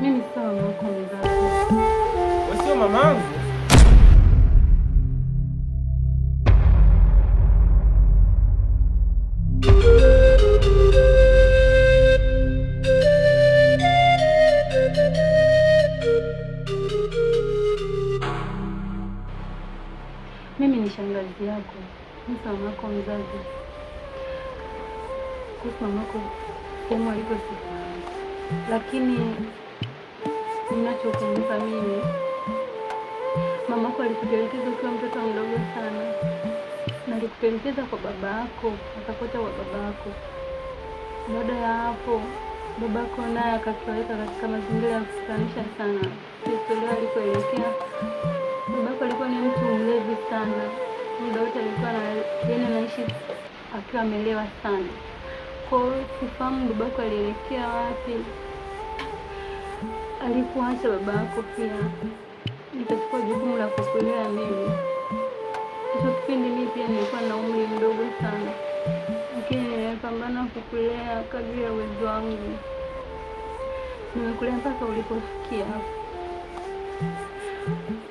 Mimi sawa, wako mzazi. Wasio mamangu Alikupendekeza kwa baba yako, akakota kwa baba yako. Baada ya hapo, baba yako naye akakiweka katika mazingira ya kufurahisha sana. Historia alikoelekea, baba yako alikuwa ni mtu mlevi sana, muda wote alikuwa na yeye anaishi akiwa amelewa sana. Kwa hiyo sifahamu baba yako alielekea wapi, alikuacha baba yako pia. Nikachukua jukumu la kukulea mimi hicho kipindi mimi pia nilikuwa na umri mdogo sana, lakini nimepambana kukulea kadri ya uwezo wangu. Nimekulea mpaka ulipofikia hapo.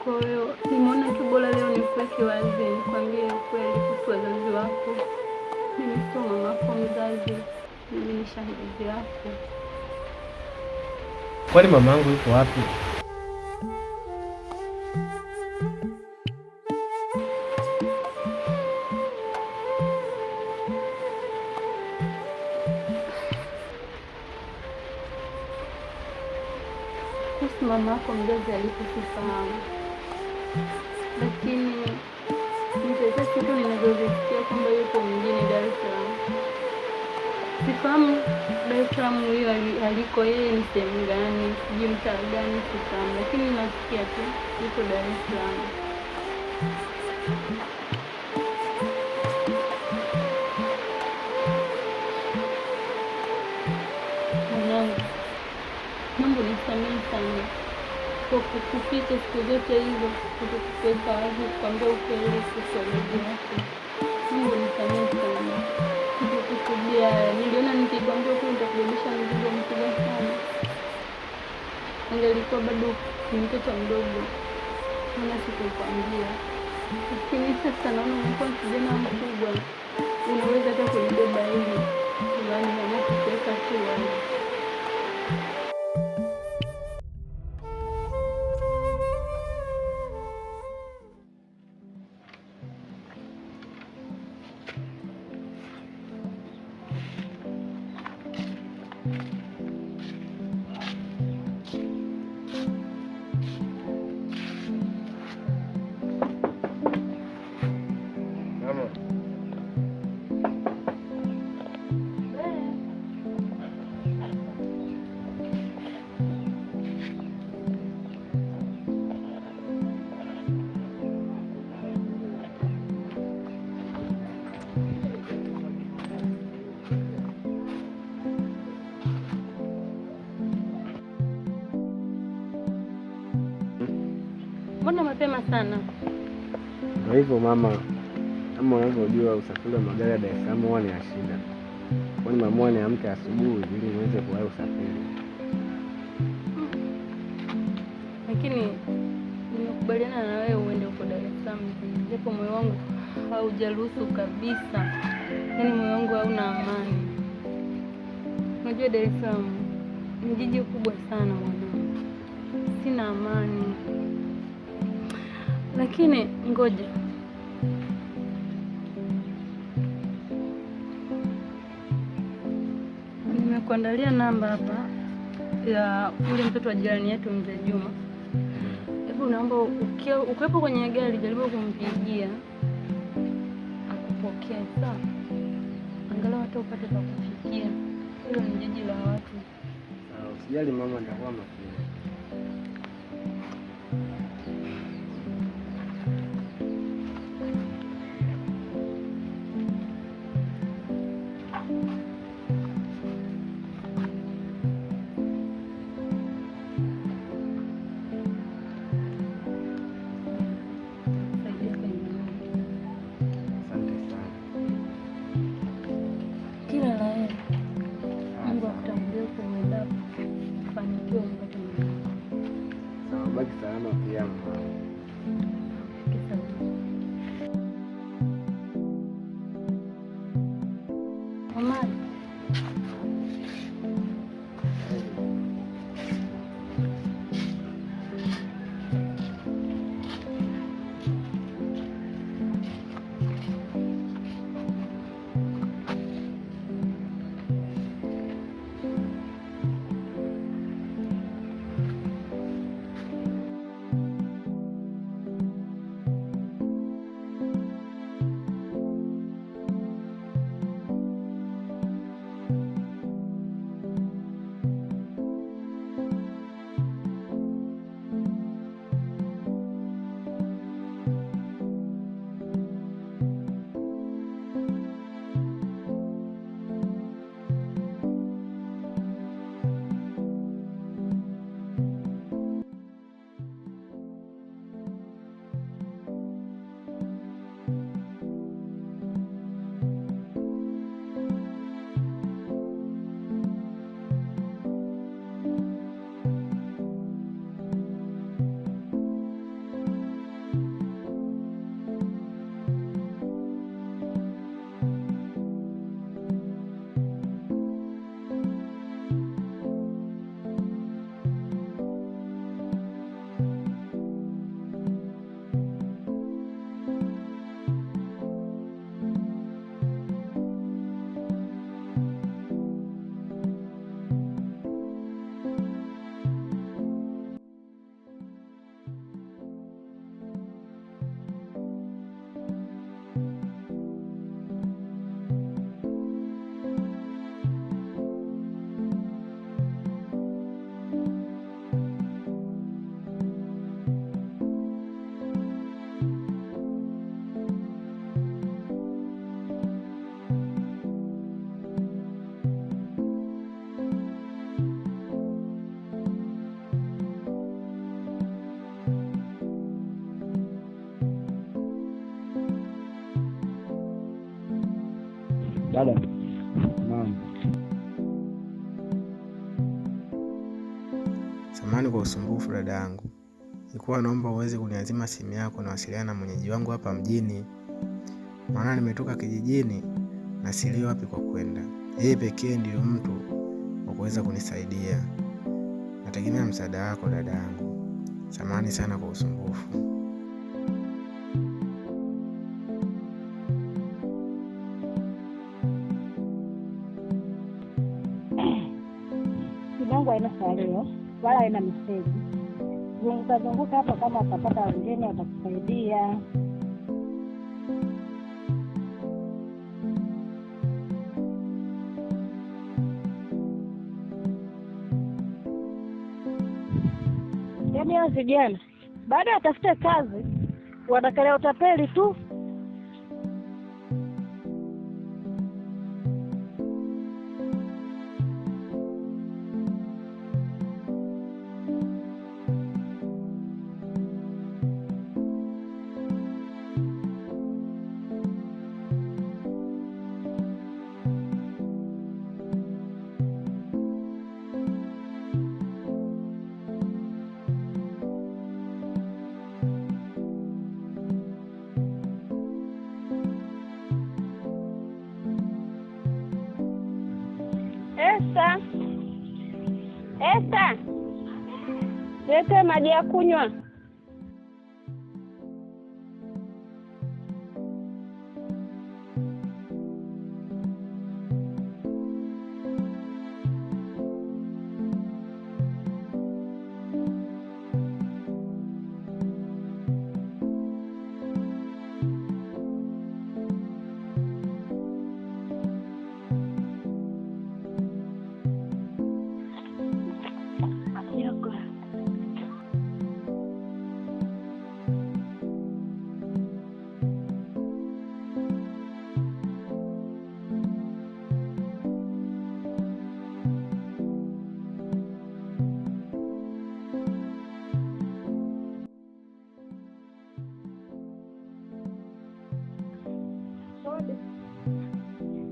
Kwa hiyo nimeona tu bora leo nikuweke wazi, nikwambie ukweli kuhusu wazazi wako. Mimi sio mama yako mzazi, mimi ni shangazi yako. Kwani mama yangu yuko wapi? hapo mzazi alipokifahamu, lakini nitaweza kitu ninazozisikia kwamba yuko mwingine Dar es Salaam. Sifahamu Dar es Salaam huyo aliko yeye ni sehemu gani, sijui mtaa gani, sifahamu, lakini nasikia tu yuko Dar es Salaam. tusikize hivyo kutukuteka kukwambia ukweli sisomejiwake Mungu nifanyie sana kutukusudia. Niliona nikikwambia ukweli nitakubebesha mzigo mkubwa sana, angelikuwa bado ni mtoto mdogo, maana sikukwambia, lakini sasa naona umekuwa kijana mkubwa, unaweza hata kulibeba hili, yaani mama kukuweka tu mapema sana. kwa hivyo mama, kama unavyojua usafiri wa magari ya Dar es Salaam huwa ni ya shida, kwani mama niamke asubuhi ili niweze kuwahi usafiri. Lakini nimekubaliana na wewe uende huko Dar es Salaam, japo moyo wangu haujaruhusu kabisa, yaani moyo wangu hauna amani. Unajua Dar es Salaam ni jiji kubwa sana mwanangu, sina amani lakini ngoja nimekuandalia namba hapa ya ule mtoto wa jirani yetu mzee Juma. Hebu naomba ukiwepo kwenye gari, jaribu kumpigia akupokea, sawa? Angalau hata upate pa kufikia, hilo ni jiji la watu. Ah, usijali mama, nitakuwa makini. Sama bagi sana nanti yang Naam. Samahani kwa usumbufu dada yangu, nilikuwa naomba uweze kuniazima simu yako na wasiliana na mwenyeji wangu hapa mjini, maana nimetoka kijijini na sili wapi kwa kwenda. Yeye pekee ndiyo mtu wa kuweza kunisaidia. Nategemea msaada wako dada yangu. Samahani sana kwa usumbufu. na meseji. Zunguka zunguka hapo, kama atapata wengine watakusaidia. Yaani hao vijana baada ya watafute kazi wanakalea utapeli tu. niletee maji ya kunywa.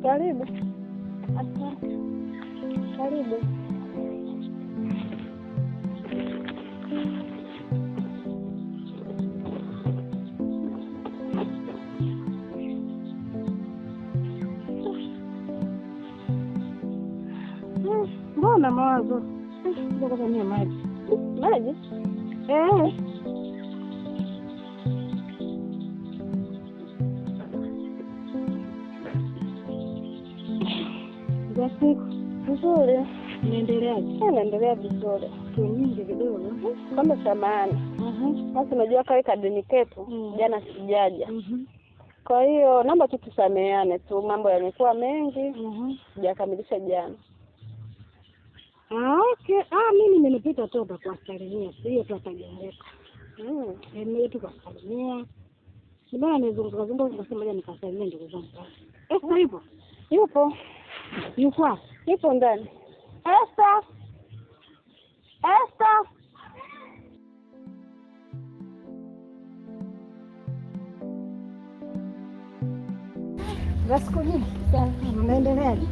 Karibu. Asante. Karibu. Mbona mawazo? Ndio maji. Maji? Eh. Vizuri. Unaendeleaje? Eh, naendelea vizuri, tu nyingi kidogo mhm. kama samani. Mhm. Sasa unajua kale kadini ketu mm. jana sijaja, mhm. kwa hiyo naomba tu tusameane tu, mambo yamekuwa mengi, sijakamilisha jana. Ah, okay. Ah, mimi nimepita toba kwa kuwasalimia, hiyo tuwatageleka eneo tu kuwasalimia mm. eh, ibana, nizungukazunguka kasemaja nikasalimia ndugu zangu, eh, hivyo yupo Yuko. Yuko ndani. Esther. Esther. Raskoli. Unaendeleaje?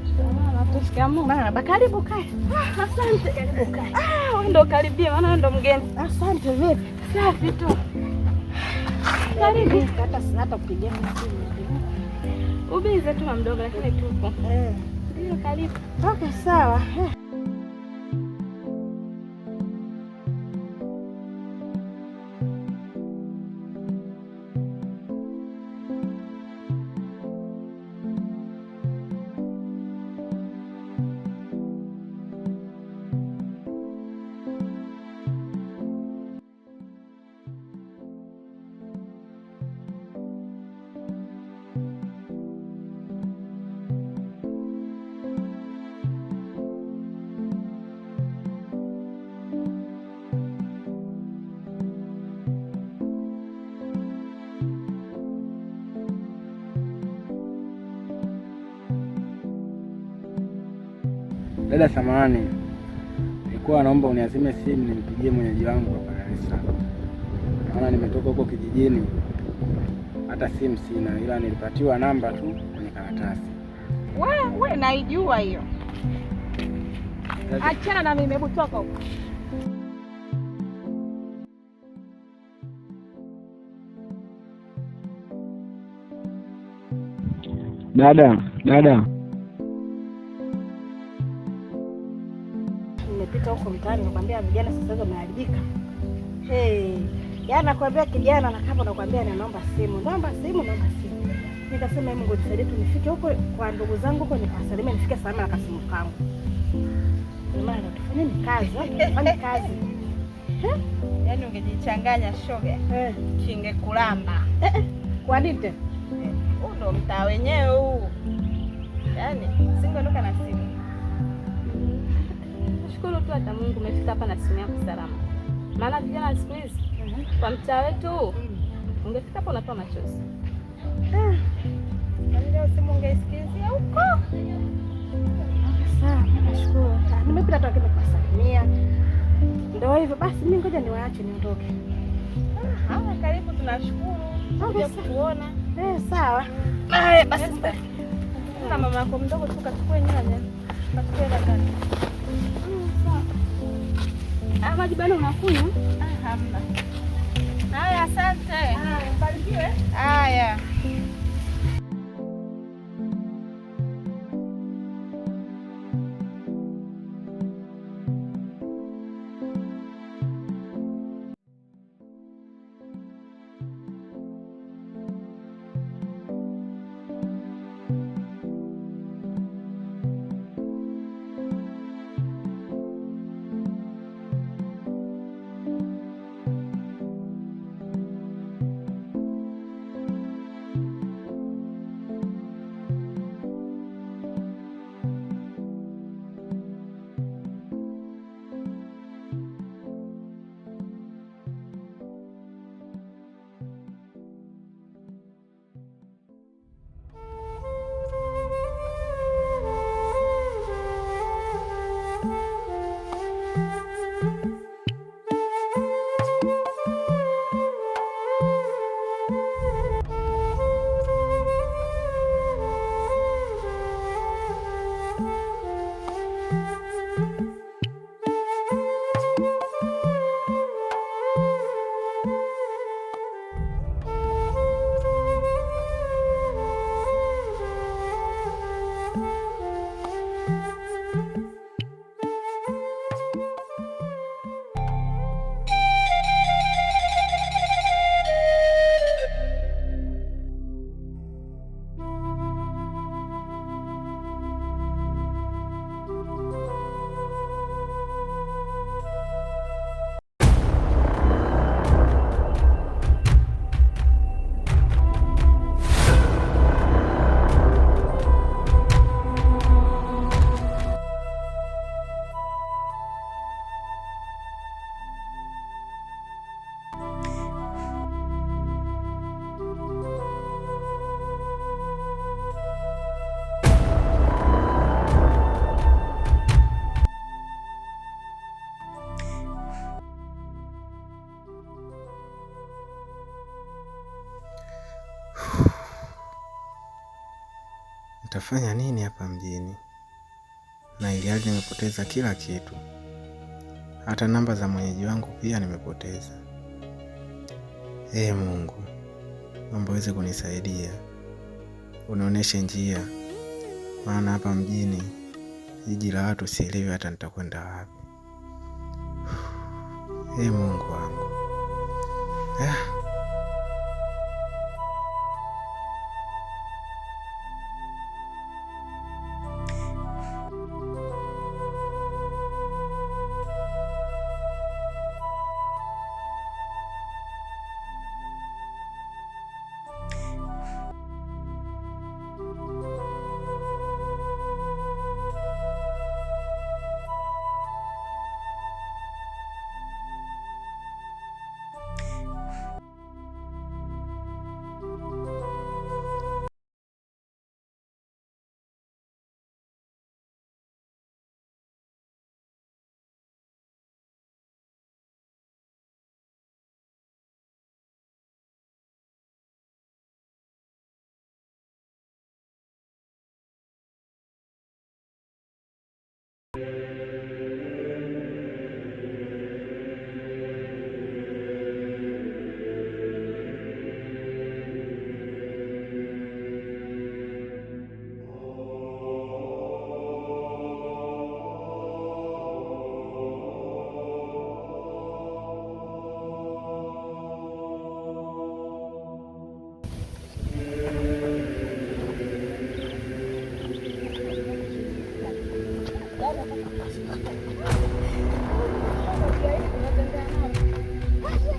Shikamoo. Karibu kae. Ah, ndo karibia, ah, maana ndo mgeni. Asante. Vipi? Safi tu. Ubize tu mdogo, lakini tupo. Eh karibu. Okay, sawa. Dada samani, nilikuwa naomba uniazime simu nimpigie mwenyeji wangu hapa Dar es Salaam. Naona nimetoka huko kijijini, hata simu sina, ila nilipatiwa namba tu kwenye karatasi. We, we naijua hiyo, achana na mimi, hebu toka huko. Dada, dada huko mtaani, nakwambia vijana sasa hizo wameharibika. Hey, eh, yaani nakwambia kijana na kapo nakwambia naomba simu, naomba simu, naomba simu. Nikasema Mungu nisaidie tu nifike huko kwa ndugu zangu huko, nikasalimia nifike salama na kasimu kangu. Jamani, tufanyeni kazi, tufanye kazi. Eh? Yaani ungejichanganya shoga, eh. Kinge kulamba. Kwa nini tena? Huu ndo mtaa wenyewe huu, yaani singeondoka na simu Tushukuru tu hata Mungu umefika hapa na simu yako salama, maana vijana siku hizi kwa mtaa wetu ungefika hapo unatoa machozi. Ah, simu ungesikizia huko. Nashukuru nimepita tu kusalimia, ndio hivyo basi. Mimi ngoja niwaache niondoke. Ah, Haya, karibu, tunashukuru ah, kuona. Eh, sawa basi na mama yako mdogo tu kachukue nyanya, kachukue Ah, maji bana unakunywa? Ah, hamna. Haya, asante. Ah, Haya, mbarikiwe. Haya. Utafanya nini hapa mjini? Na ili nimepoteza kila kitu, hata namba za mwenyeji wangu pia nimepoteza. Ee Mungu, naomba uweze kunisaidia, unionyeshe njia, maana hapa mjini, jiji la watu, sielewi hata nitakwenda wapi. Ee Mungu wangu ah. Thank you.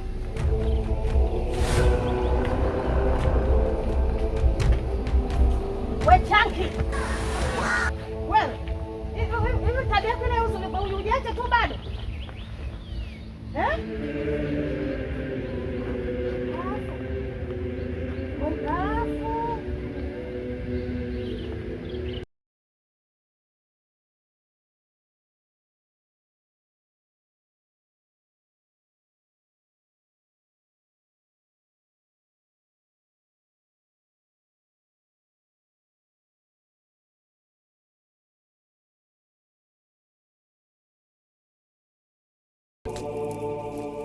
Oh.